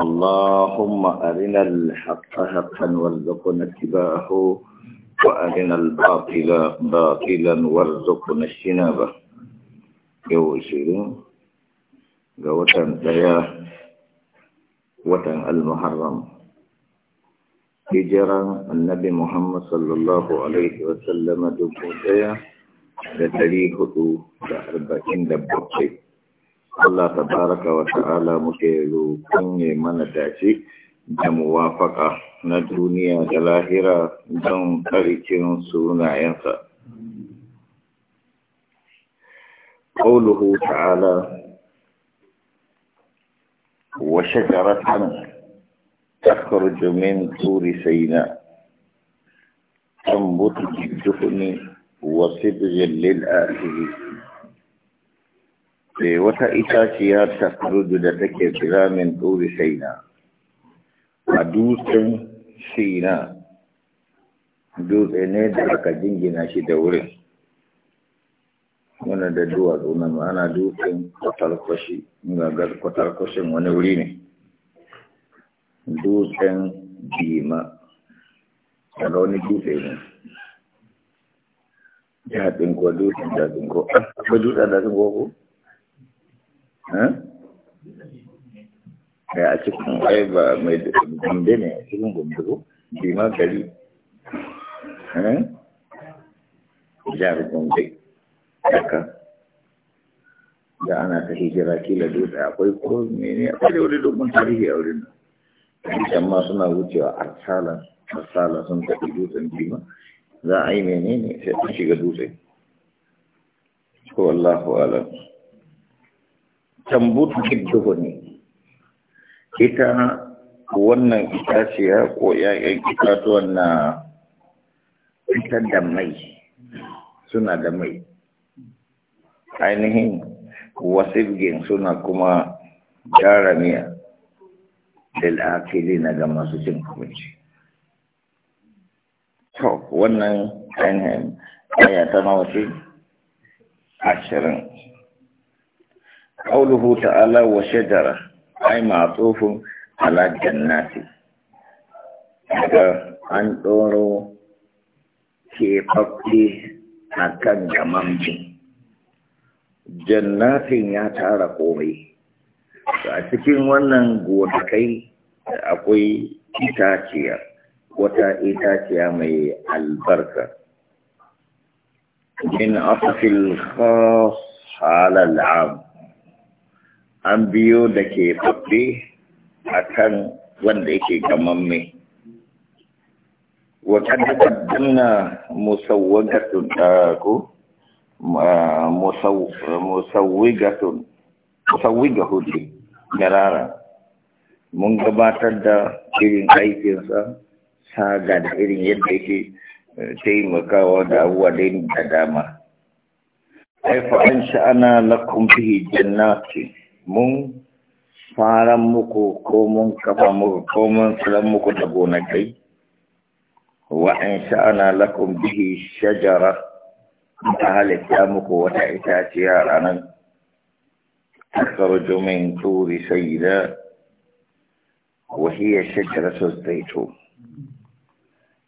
اللهم أرنا الحق حقا وارزقنا اتباعه وأرنا الباطل باطلا وارزقنا اجتنابه yau ashirin ga watan ɗaya watan al-muharram hijiran annabi muhammad sallallahu alaihi wasallama dubu ɗaya da dari huɗu da arba'in da bakwai Allah baraka wa ta'ala muke roƙon ya mana dace da muwafaka na duniya da lahira don tsarkin sunayensa. Ƙauluhu ta'ala wa shakaratan takarju min turi saina tambutu jifuni wa sibrin lil'ahiri sai eh, wata itaciya ta kurudu da take firamin ɗori na, a dutsen na dutse ne da aka jingina shi da wurin wani da duwatsu na ma'ana dutsen kwatarkwashi gagar kwatarkwashin wani wuri ne dutsen bima daga wani dutse ne ya ɗinko dutsen da ko akwai dutsen da ko ya a cikin wai ba mai gombe ne a cikin gombe ko bima gari jihar gombe daga da ana ta hijira kila dutse akwai ko mene a da wani dogon tarihi a wurin nan ma suna wucewa a a tsala sun tafi dutsen bima za a yi ne sai sun shiga dutse ko ko Allah tambutu gidduhu ne ita wannan itaciya ko ‘ya'yan itatuwan na fitar da mai suna da mai ainihin wasirgin suna kuma gyara miya lil'akili na ga masu cin abinci to wannan ainihin aya ta nawa ce ashirin ƙauluhu ta'ala wa shajara ai matsofin halajjan nati daga an ɗoro kefafke a kan gamamji jannatin ya tara komai a cikin wannan gotakai akwai itaciya wata itaciya mai albarka min asafin khas halal abu an biyo da ke faɗi a kan wanda yake gamamme wa kan taqaddamna musawwagatun ah, ko musawwigatun musawwigahu garara mun gabatar da irin aikinsa saga da irin yadda yake eh, taimakawa da abuwa da dama. Haifa an sha'ana na fihi jannatin mung faram muku ko mung kafa muku ko mung tsiran muku tabu nagay wa insana lakum bihi shajara ta halitta muku wata itaciya ranar تخرج من طور سيدا وهي شجرة الزيتون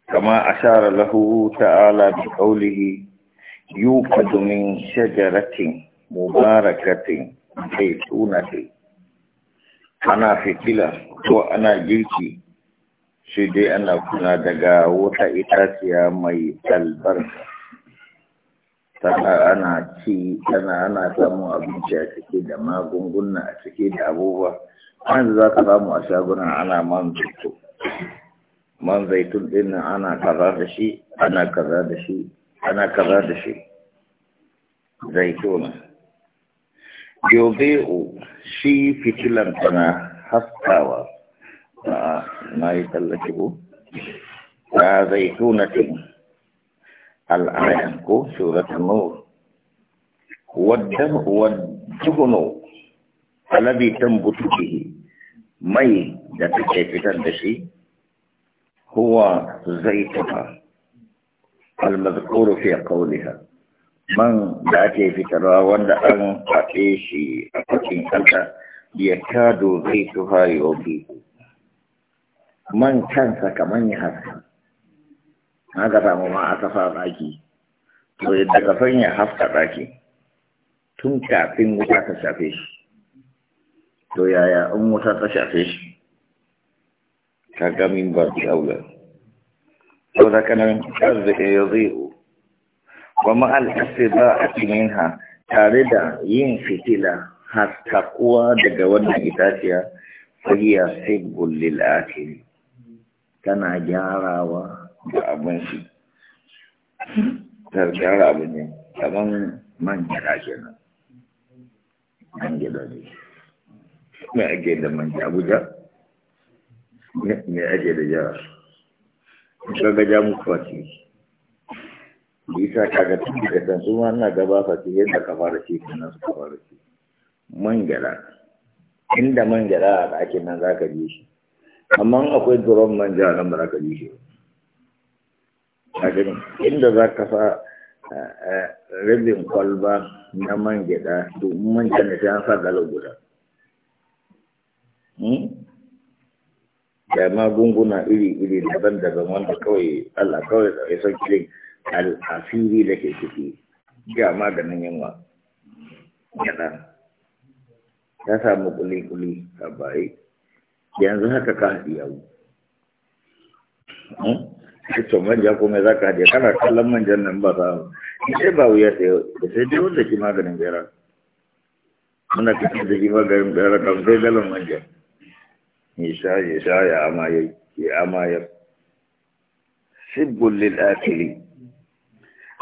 كما أشار له تعالى بقوله يوقد من شجرة مباركة sai tuna sai ana fitila ko ana girki shi dai ana kuna daga wata itaciya mai albarka tana ana ci tana ana samun abinci a ciki da magunguna a ciki da abubuwa wanda za ka samu a shagunan ana man zaitun man zaitun din nan ana kaza da shi ana kaza da shi ana kaza da shi zaituna yubi'u shi fitilan tana haskawa na yi tallafi ko ta zai zaitunatin al'ayan ko suratun nur wadda wadda alabi tambutu bihi mai da take fitar da shi huwa tafa. al-mazkuru fi qawliha man da ake fitarwa wanda an faɗe shi a cikin kanta ya kado zai tuha yau man kansa kamar ya haska ga samu ma aka fa ɗaki to yadda kafin ya haska ɗaki tun kafin wuta ta shafe shi to yaya in wuta ta shafe shi ka gamin ba ki aula to da kanan arziki ya zai wa a istida'ati ha tare da yin fitila haskakuwa daga wannan itaciya fahiya sai lil akhir tana gyarawa da abin shi gyara abin ne kaman man man ne ake da man abuja ake da muku bisa kaga tun da kan su ma ina gaba fa ce yadda ka fara ci nan su ka fara shi man gyara inda man gyara a ɗakin nan za ka je shi amma akwai duron man gyara nan ba za ka je shi a gani inda za ka sa eh, eh, rabin kwalba na man gyara domin man gyara sai an sa galo guda hmm? da magunguna iri-iri daban-daban wanda kawai Allah kawai ya san kirin al'asiri da ke ciki ga maganin yunwa Ya ta samu kuli-kuli a bayi yanzu haka ka haɗi yau cikin hmm? manja ko mai za ka haɗe kana kallon manjan nan ba sa sai ba wuya tsaye da sai dai wanda ki maganin bera muna kasar da ki maganin bera kan sai dalon manja ya sha ya sha ya amayar ya amayar sibbul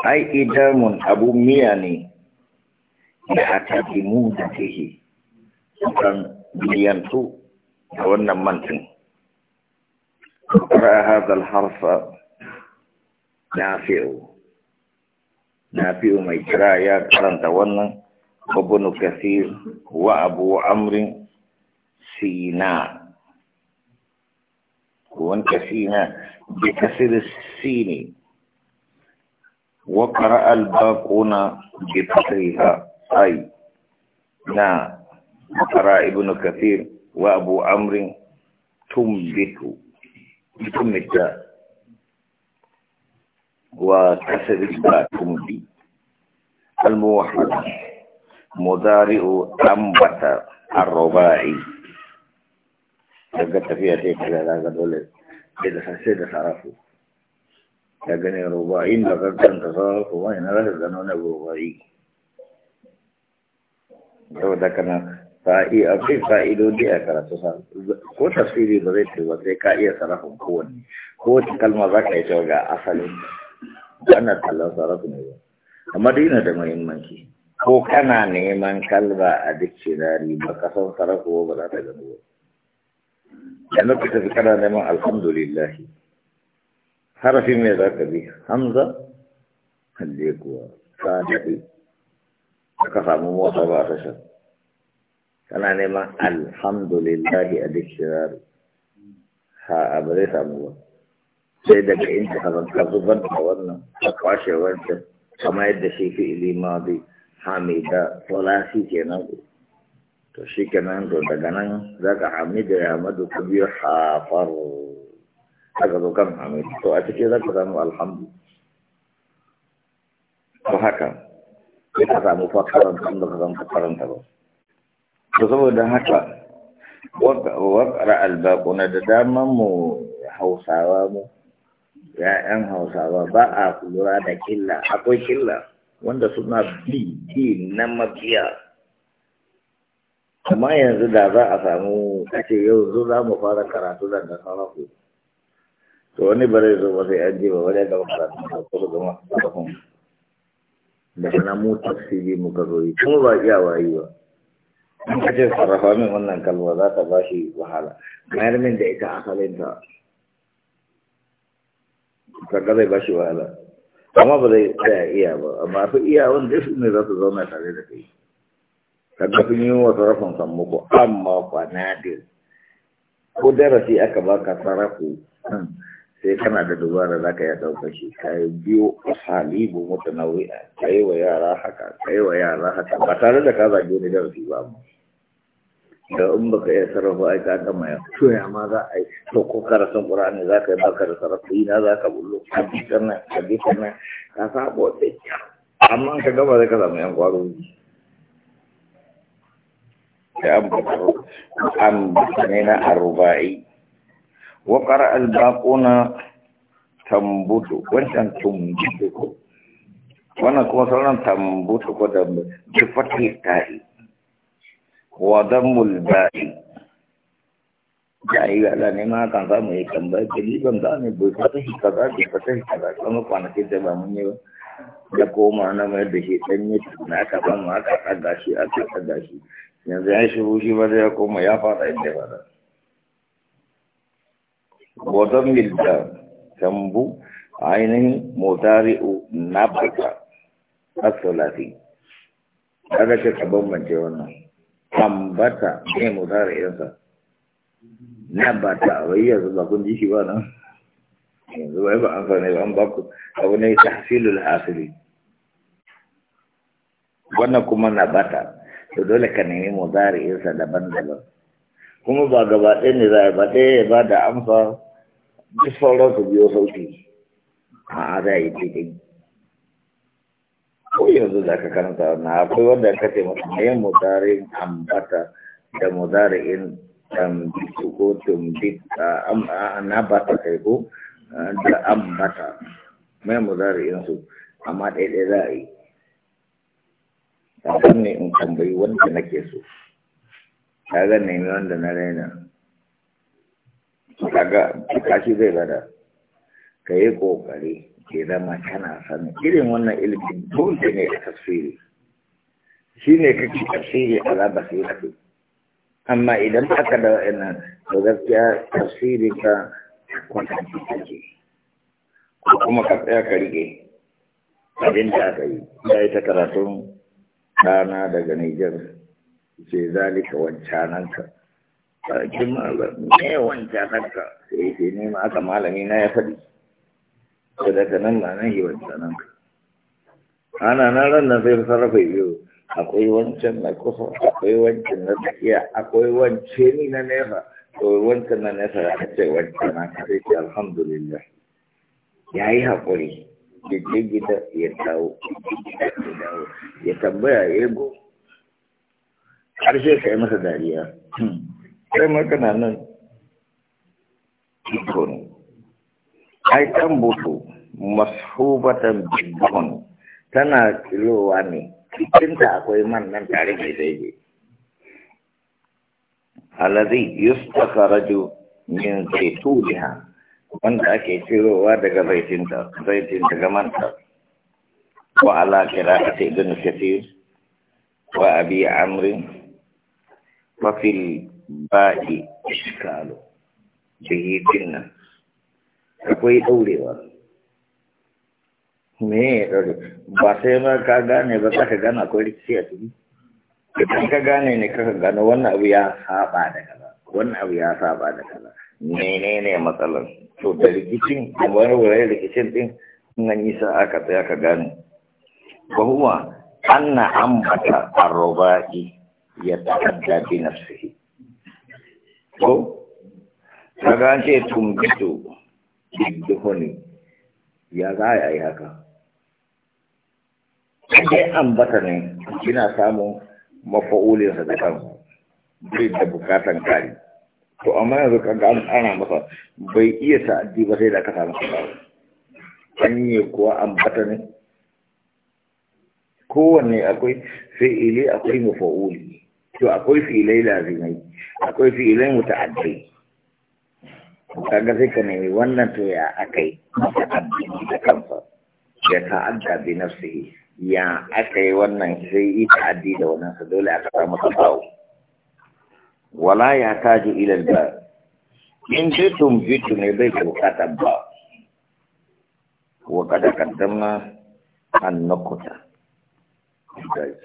ai idamun abu miya ne da aka mu da fihi kan biliyantu da wannan mantin ƙara hazal harfa na fiye na fiye mai kira ya karanta wannan babban kasir wa abu amrin sina wani na bi kasir sini وقرأ الباقون بفتحها أي نا قرأ ابن كثير وأبو عمرو تنبت تمت وكسر الباء تمضي الموحد مضارع أنبت الرباعي لقد فيها شيء كذا لا قد ولد إذا فسد صرفه ya gane roba inda ka kanta sauran kuma ina za ka gano na gobari saboda kana fa'i akwai fa'idodi a karatu sa ko tafsiri ba zai ba sai ka iya sarrafin kowanne ko wata kalma za ka yi cewa ga asalin wannan tallan sarrafi ne ba amma duk yana da muhimmanci ko kana neman kalba a dictionary ba ka san sarrafi ba za ta gano ba yanzu ka tafi kana neman alhamdulillah حرفی میں ذکر کر دی حمزہ حلی کو صالحی کہا موصبا فشل کنا نے ما الحمد للہ الاشرار ها ابرے تھا مو سے دے انت حضرت کا تو بند ہوا نا کاش ہوا انت سمے دسی فی الی ماضی حمید ثلاثی کے نا تو شکنان تو دگنان ذکا حمید احمد کو بھی حافر aka zo kan hannu, to a cikin zaka samu alhamdu to haka sai ka samu fakaran kan da ka samu fakaran ta ba to saboda haka waƙara albakuna da daman mu hausawa mu ya'yan hausawa ba a lura da killa akwai killa wanda suna bi bi na mabiya amma yanzu da za a samu a yau zo za mu fara karatu da sauran to wani bare zo ba sai an je ba wani ga makaranta da kuma ga makaranta da na mu tafsiri muka zo yi kuma ba iya wayi ba in ka ce sarrafa min wannan kalma za ta ba shi wahala mayar min da ita asalinta kaga zai ba shi wahala amma ba zai tsaya iya ba amma fi iya wanda su ne za su zauna tare da kai ka sun yi wa sarrafin sammako amma kwanadir ko darasi aka baka sarrafu hmm. sai kana da dubara za ka ya ɗauka shi ka yi biyo salibu mutanawi'a ka yi wa yara haka ka yi wa yara haka ba tare da ka zage ni darasi ba mu da in baka iya sarrafa ai ka gama ya to ya ma za a yi to ko karasan ƙura'ani za ka yi baka da sarrafa ina za ka bullo ka bi kana ka bi kana ka sabo da amma ka gama za ka samu yan kwaro sai an bata na arba'i وقرأ الباقون تنبت وانت تنبت وانا كما سألنا تنبت قدم بفتح التاء وضم الباء Jaiwa lah ni mah kan sama ikan baik jadi bang tak ni berkata hikata berkata hikata kamu panas kita bangunnya da koma na mai da shi ɗanye na ka ban ma ka ɗaga shi aka ɗaga shi yanzu ya shi rushi ba zai koma ya fara inda ba wadon milda tambu ainihin motari u baka asolati kada ce ka bambance wannan tambata ne mutari'insa na bata wai yanzu ba kun ji shi ba nan yanzu bai ba an sani an ba ku abu ne tahsilul hasili wannan kuma na bata to dole ka nemi 'yansa daban-daban kuma ba gaba ɗaya ne za a yi ba ɗaya ya ba da amsa duk sauran su biyo sauti a za yi daidai ko yanzu da ka karanta na akwai wanda ka ce masa mayan mudarin ambata da mudarin tambitu ko tumbit na bata kai ko da ambata mai mudarin su amma ɗaya ɗaya za a yi. Kafin ne in tambayi wanda nake so. kaga nemi wanda na raina kaga kashi zai bada ka yi kokari ke zama kana sani irin wannan ilimin dole ne a tafsiri shi ne ci tafsiri a za basira amma idan ka da wa'annan to gaskiya tafsiri ka kwatanci kake ko kuma ka tsaya ka rike abin da aka yi ya yi ta karatun rana daga Nijar sai zalika wancananka sarkin malam ne wancananka sai sai nema aka malami na ya faɗi to daga nan ma nan yi wancananka ana nan ran nan sai sarrafa biyu akwai wancan na kusa akwai wancan na tsakiya akwai wance ni na nefa, to wancan na nefa, ya ce wancan na sai ce alhamdulillah ya yi haƙuri Gidigida gida ya dawo ya tambaya ya go ƙarshe ka yi masa dariya Sai kai na nan iko ai kan butu mashubatan bidon tana kilowa ne cikinta akwai man nan tare mai daidai alladhi yustakharaju min zaituniha wanda ake cirowa daga zaitinta zaitin daga manta wa ala qira'ati ibn kathir wa abi amrin? وفي الباء da yi كنا akwai ɗaurewa me ya ɗaure ba sai ma ka gane ba za ka gane akwai rikici a ciki idan ka gane ne kaka gano wannan abu ya saba da kaza wannan abu ya saba da kaza menene matsalar to da rikicin wani wurare rikicin din nan yi sa aka tsaya ka gane ba huwa anna ambata arrubai yata'adda bi nafsihi ko kaga an ce tumbitu bidduhuni ya za a yi haka sai ambata ne kina samun mafa'ulinsa da kansa bai da bukatan kari to amma yanzu kaga an tsara masa bai iya ta'addi ba sai da ka samu kaza an yi kuwa ambata ne kowanne akwai fi'ili akwai mafa'uli to akwai filai lazimai akwai filai muta'addai kaga sai ka nemi wannan to ya akai muta'addi da kansa ya ta'adda bi nafsihi ya akai wannan sai yi ta'addi da wannan sa dole aka masa tsawo wala ya taji ila ba in dai tumfitu ne bai bukata ba wa kada kaddama an nakuta guys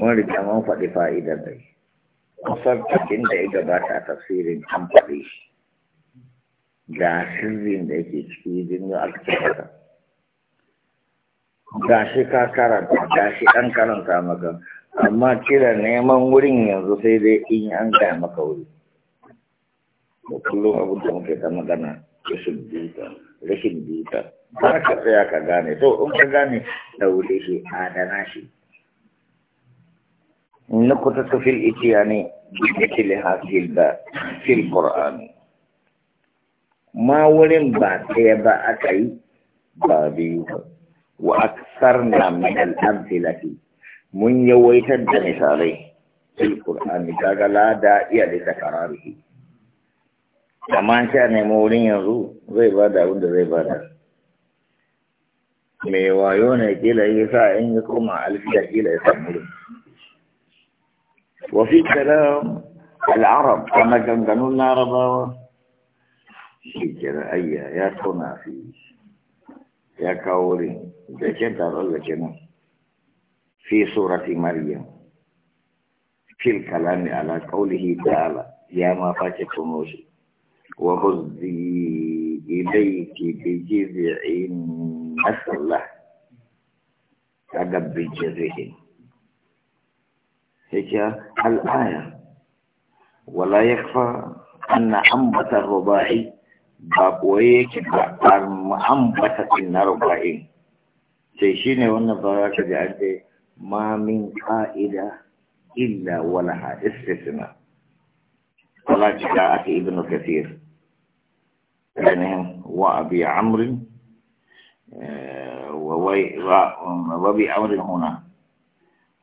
mun riga mun faɗi fa'idar dai kusan cikin da ya gabata a tafsirin an faɗi shi ga sirrin da yake ciki jinnu aka tabbata ga shi ka karanta ga shi an karanta maka amma kira neman wurin yanzu sai dai in an gaya maka wuri da kullum abin da muke ta magana rashin bita rashin ba ka tsaya ka gane to in ka gane daure shi adana shi نقطة في الإتيان بمثل هذه الباب في القرآن ما ولن باتي بأكي بابي وأكثرنا من الأمثلة من يويت الدنسالي في القرآن كاغا لا داعي لتكراره كما كان مولين يزو زي بادا وند زي بادا mai wayo ne kila yi sa in yi koma alfiya kila ya samu وفي كلام العرب كما كان قانون العرب أي يا كنا في يا كاوري ذكرت الله كنا في سورة مريم في الكلام على قوله تعالى يا ما فاتك موسي وهزي إليك بجذع النخلة تقبل بجذعين هي الآية ولا يخفى أن أنبت الرباعي باقويك أنبتت الرباعي وانا ونظرات جعلتي ما من قائدة إلا ولها استثناء ولا جاءت ابن كثير يعني وأبي عمرو آه، وابي عمرو هنا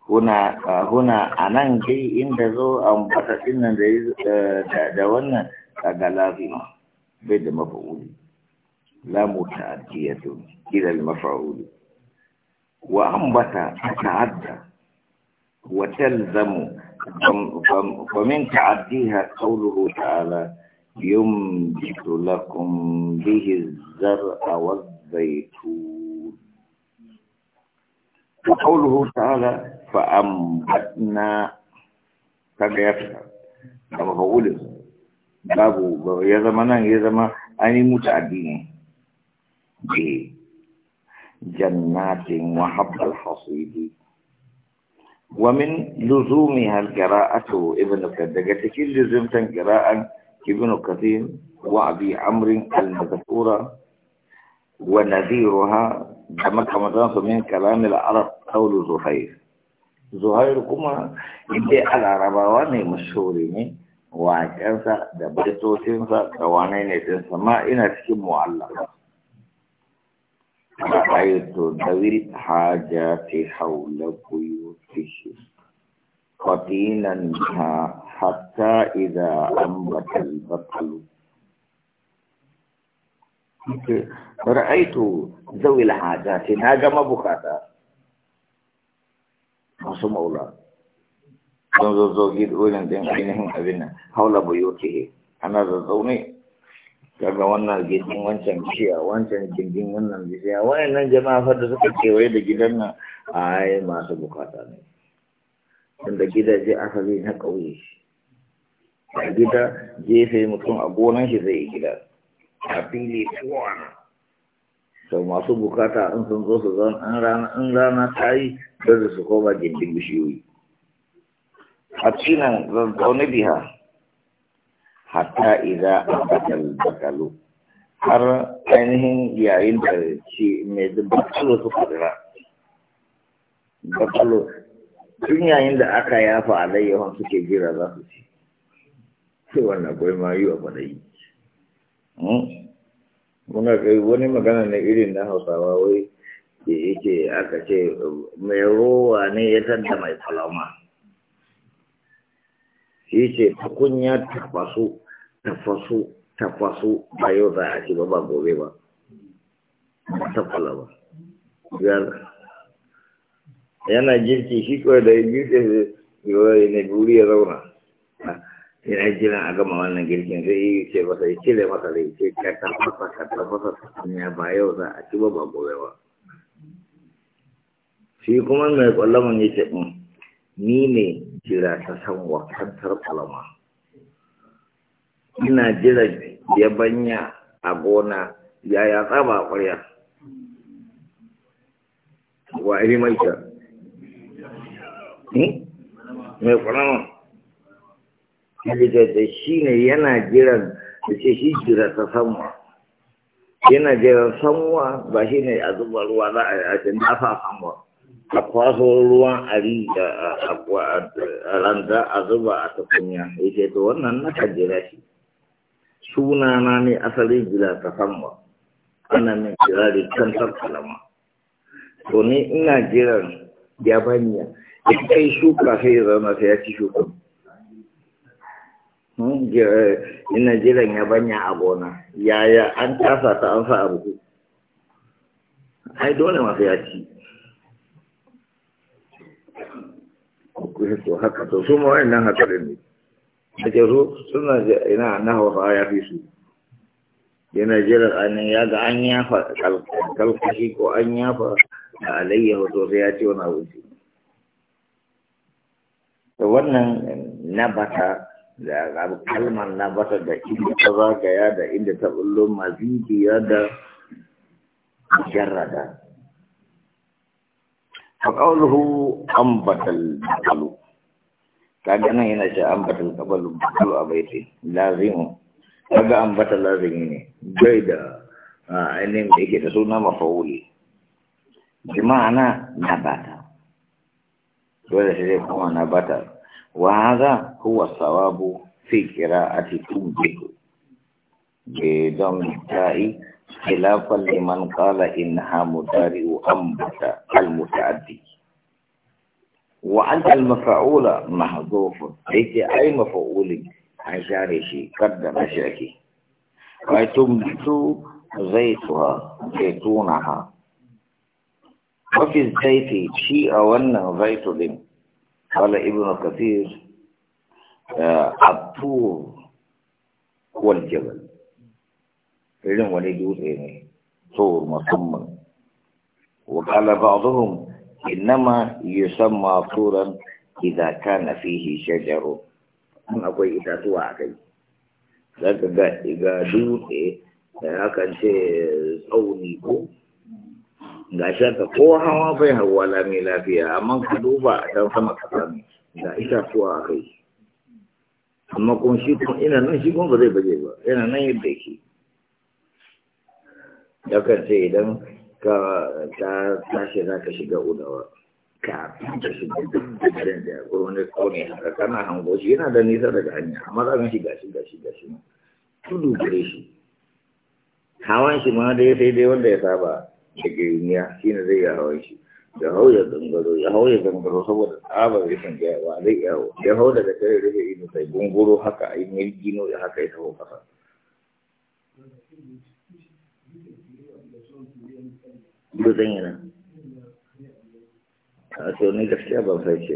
huna huna a nan dai inda zo an bata dinnan da da wannan kaga lazima bai da mafa'uli la muta'addiyatu ila al-maf'ul wa ambata ta'adda wa talzamu ومن تعديها قوله تعالى ينبت لكم به الزرع والزيتون وقوله تعالى فأنبتنا كغير كما بقول باب يا زمان يا زمان أني متعدين بجنات وحب الحصيد ومن لزومها القراءة ابن كثير كل لزوم قراءة ابن كثير وعبي عمرو المذكورة ونذيرها kama kama zan su min kalamin al'arab kawul zuhair zuhair kuma inda al'arabawa ne mashuri ne waƙensa da baitotinsa da wane ne din ma ina cikin mu'alla ba a yi to da wiri ha ja fi haula kuyu fishi kwafinan ha hatta idan an batal batalu ra'aitu zawil hajati na ga mabukata masu maula don zozo gidi wurin din ainihin abin nan haula buyutihi ana zazzaune daga wannan gidin wancan bishiya wancan gindin wannan bishiya nan jama'a fa da suka kewaye da gidan nan ai masu bukata ne gida gidaje asali na ƙauye a gida jefe mutum a gonan shi zai yi gida a fili kowane sau masu bukata in sun zo su zan in rana ta yi don su koma gindin bishiyoyi a cinan zazzaune biya hatta iza a bakal bakalo har ainihin yayin da ce mai bakalo su kudura bakalo tun yayin da aka yafa alayyahun suke jira za su ce sai wannan gwaimayu a faɗayi muna kai wani magana na irin na hausawa wai da yake aka ce mai rowa ne ya tadda mai falama shi ce tukunya tafasu tafasu tafasu ba yau za a ci ba ba gobe ba ta falama yana girki shi kawai da girki ne buri ya zauna ina jira a gama wannan girkin zai yi ce masa ya cire masa da ya ce ka tafasa ka tafasa sanya ba yau za a ci ba ba gobe ba shi kuma mai kwallon ya ce mm, ni ne jira ta san wakantar kwalama ina jira ya banya a gona ya tsaba a kwarya wa iri mai ta hmm? mai kwallon da shi ne yana jiran da ce shi jira ta sanwa yana jiran sanwa ba shi ne a zuba ruwa za a yi dafa sanwa a kwaso ruwan ari a ranta a zuba a tukunya ya ce to wannan na kan jira shi sunana ne asalin jira ta sanwa ana min jira da kan tattalama to ni ina jiran yabanya ya kai shuka sai ya zama sai ya ci shukan Hmm? Eh, ina jiran ya banya a gona yaya an kasa ta an sa abu ai dole masu ya ci to haka to su nan haka da ne a ke suna ina na hausa ya fi su yana jiran ainihin ya ga an yafa kalkashi ko an yafa da alayyahu to sai ya ce wani abu wannan na bata da kalmar na bata da inda ta zagaya da inda ta bullo mazidiya da jarrada فقوله أنبت yana كان an batal أنبت البقل البقل أبيتي lazimu, kaga batal lazimi ne bai da ainihin da yake da suna mafa'uli jima'ana na bata dole sai zai kuma na bata وهذا هو الصواب في قراءة تنبه بدم التاء خلافا لمن قال إنها مضارع أنبت المتعدي وأنت المفعول محذوف ليس أي مفعول عشاره قدم شاكي وتنبت زيتها زيتونها وفي الزيت شيء ون زيت لم قال ابن كثير الطور هو الجبل إذن ولي طور مصمم وقال بعضهم إنما يسمى طورا إذا كان فيه شجر أنا أقول إذا توعد ذلك إذا دوسي akan ce tsauni ko ga shaka ko hawa bai hawa lami lafiya amma ka duba a can sama kasa ne ga itatuwa a kai amma kun shi kun ina nan shi kuma ba zai baje ba yana nan yadda yake kan ce idan ka ta tashi za ka shiga udawa ka ta shiga gidan da ya kone haka kana hango shi yana da nisa daga hanya amma za ka shiga shiga shiga shi tudu gare shi hawan shi ma dai sai dai wanda ya saba da girmiya shi ne zai yawon shi ya hau ya zangaro ya hau ya zangaro saboda tsabar rikin gayawa zai yawo ya hau daga tare rufe ido sai gunguro haka a yi mirgino ya haka ya taho kasa dutsen yana a to ni gaskiya ban sai ce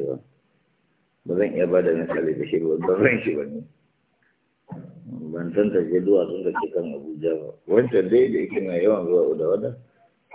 ba zan iya ba da misali da shi ba ban san shi ne ban san ta je duwatsun da ke kan abuja ba wancan dai da yake yawan zuwa da wadda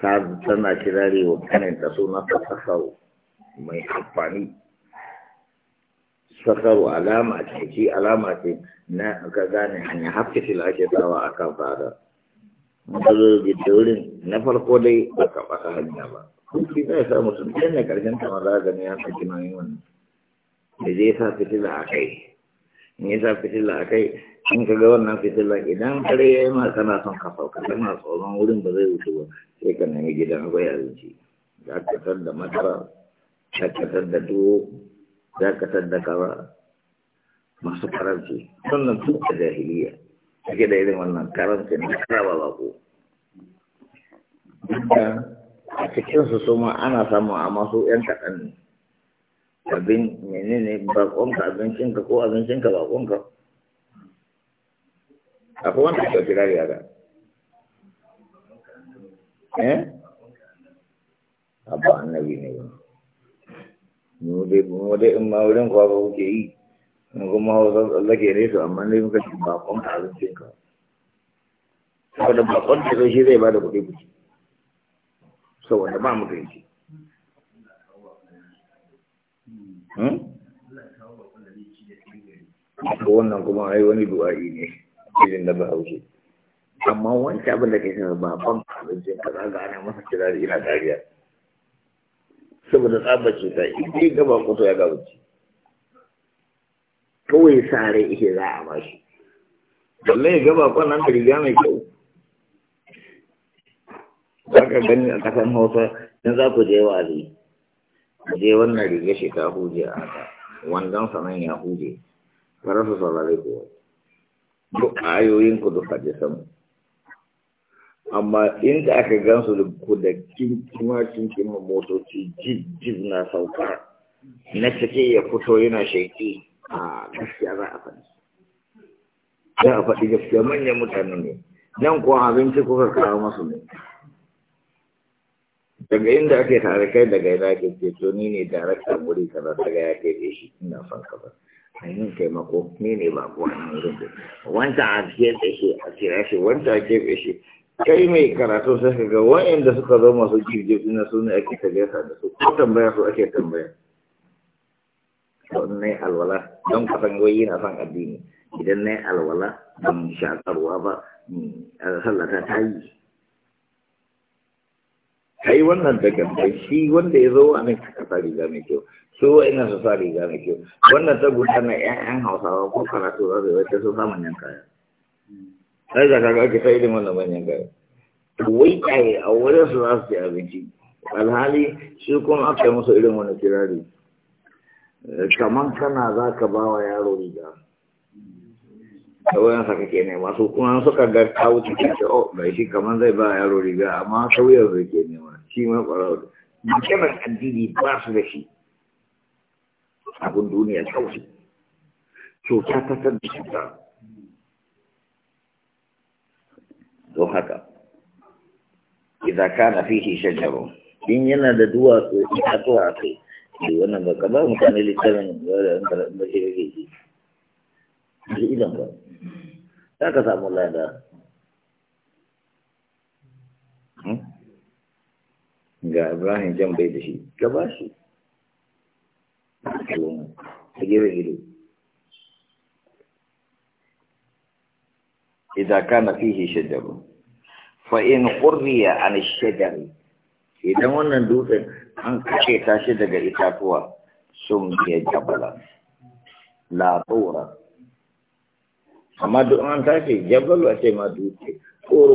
ta tana kirare wa kananta suna ta sakaru mai amfani sakaru alama ce shi alama ce na ka gane hanya haske shi ake dawa a kan fara. fada da wurin, na farko dai ba ka ɓata hanya ba kuki zai sa mutum ɗaya ne ƙarshen ta maza gani ya saki nauyin wannan da zai sa fitila a kai in sa fitila a kai in ka ga wannan fitila idan kare ya yi ma kana son ka sauka kana tsoron wurin ba zai wuce ba sai ka nemi gidan akwai abinci za ka tar da matara za ka tar da tuwo za ka tar da kaza masu karanci sannan duk da jahiliya suke da irin wannan karanci na duk da a cikinsu su ma ana samu a masu yan kaɗan ne abin menene bakonka abincinka ko abincinka bakonka akwai wanda ke ɗauki rari a da eh abba annabi ne ba mu dai mu dai in ma wurin kwa ba kuke yi mu kuma hausa tsallake amma ne muka ci bakon ka abincin ka saboda bakon da zai shi zai ba da kuɗi kuɗi saboda ba mu da yake wannan kuma ai wani du'a'i ne irin na bahaushe amma wancan abin da ke shi ba ban abincin ka zaga ana masa kira da ina dariya saboda tsabace ta ita ya gaba kusa ya gaba ci kawai sare ike za a mashi balle ya gaba nan da riga mai kyau za ka gani a kasan hausa in za ku je wa'azi je wannan riga shi ta huje a ta wandon sanan ya huje ka rasa saurare kowa duk ayoyin ku duk hadisan amma inda aka gansu da ku da kinkima kinkima motoci jib na sauka na cike ya fito yana shaiki a gaskiya za a faɗi za a faɗi gaskiya manyan mutane ne nan kuwa abinci kuka kawo masu ne daga inda ake tare kai daga ina ke ce to ni ne daraktan wuri kaza daga ya ke shi ina son kaza hanyar taimako ne ne ba kuwa wurin da wanda a da shi a kira shi wanda a keɓe shi kai mai karatu sai ka ga wa'anda suka zo masu jirgin na su ne ake tagasa da su ko tambaya su ake tambaya don na yi alwala don kasan goyi na son addini idan na yi alwala ban shakarwa ba mm, a sallata ta yi kai wannan daga shi wanda ya zo wa nan ka kasa riga mai kyau su ina su sa riga mai kyau wannan ta gudana 'ya'yan hausawa ko karatu za su wata su samun yan kaya sai da kaga ake sai limon wannan manyan kaya wai kaye a wajen su za su ci abinci alhali shi kuma aka yi musu irin wani kirari kaman kana za ka ba wa yaro riga da wayan sa kake nema su kuma suka ga kawo cikin ce oh bai shi kamar zai ba yaro riga amma kauyar zai ke nema shi ma ɓarau da maganar addini ba su da shi abin duniya kawai cuta ta san da cuta to haka idza kana fihi shajaru in yana da duwatsu itatuwa a kai shi eh, wannan ba ka ba mutane littafin eh, da shi ke ji da idan ba ta ka samu lada hmm? ga ibrahim jan bai da shi gaba shi kalon a gire-gire idan kana fihi shajaru fa in qurriya an shajari idan wannan dutsen an kace ta shi daga itatuwa sun ya jabala la tura amma duk an tashi jabalu a ce ma dutse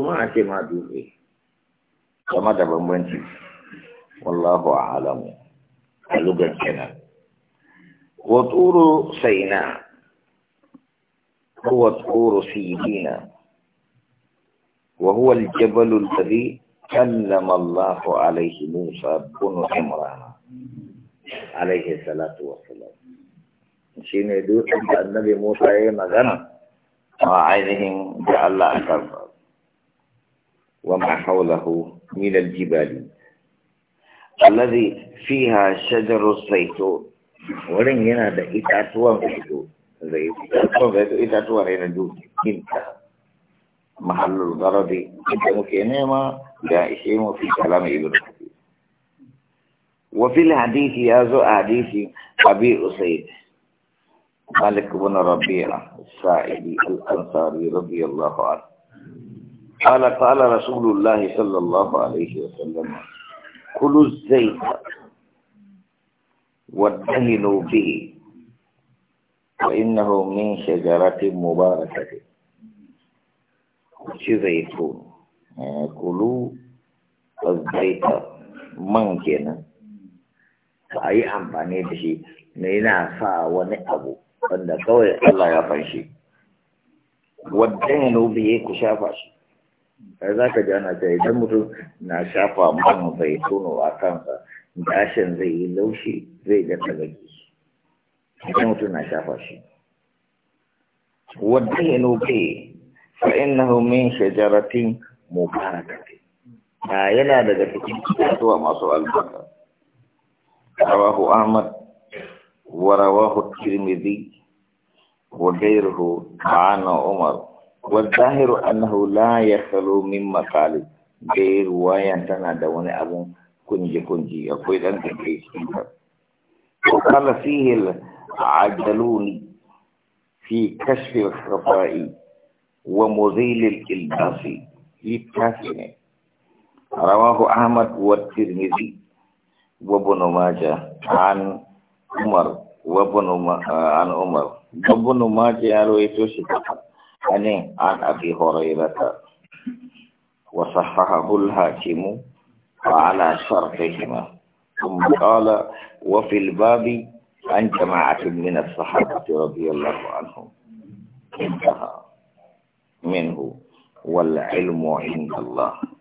ma a ce ma dutse kama da bambanci wallahu a'lamu a lugar kenan وطور سيناء هو طور سيدينا وهو الجبل الذي كلم الله عليه موسى بن عمران عليه الصلاة والسلام شين يدور النبي موسى إيه مثلا وعينهم جعل أكبر وما حوله من الجبال الذي فيها شجر الزيتون wurin yana da itatuwan fito zai itatuwan fito itatuwa ne na dokin ta mahallul garadi inda muke nema da ishe mu fi kalama ibn kathir wa fil hadisi ya zo a hadisi abi usaid مالك بن ربيعة الساعدي الأنصاري رضي الله عنه قال قال رسول الله صلى الله عليه وسلم كل الزيت Waɗanne nubi ka ina a munanen sha'arar din mu Kulu, Zazzaifa, man kenan. Ka yi amfani da shi. Mena sa wani abu? Banda kawai Allah ya fanshi. Waɗanne nubi ku shafa shi. sai za ka ji ana ta idan mutum na shafa man bai tono a kansa gashin zai yi laushi zai ga tabaki idan mutum na shafa shi wadda ya nuke fa'innahu min shajaratin mubarakati na yana daga cikin kasuwa masu albarka rawahu ahmad wa rawahu tirmidhi wa ghayruhu ana umar والظاهر أنه لا يخلو من مقال غير رواية دون أبو كنجي كنجي يقول أنت كيف وقال فيه العجلون في كشف الخفاء ومزيل الإلباس للتاسنة رواه أحمد والترمذي وابن ماجه عن عمر وابن عن عمر وابن ماجه ويتوشي فقط حسن عن أبي هريرة وصححه الحاكم وعلى شرطهما ثم قال وفي الباب عن جماعة من الصحابة رضي الله عنهم انتهى منه والعلم عند الله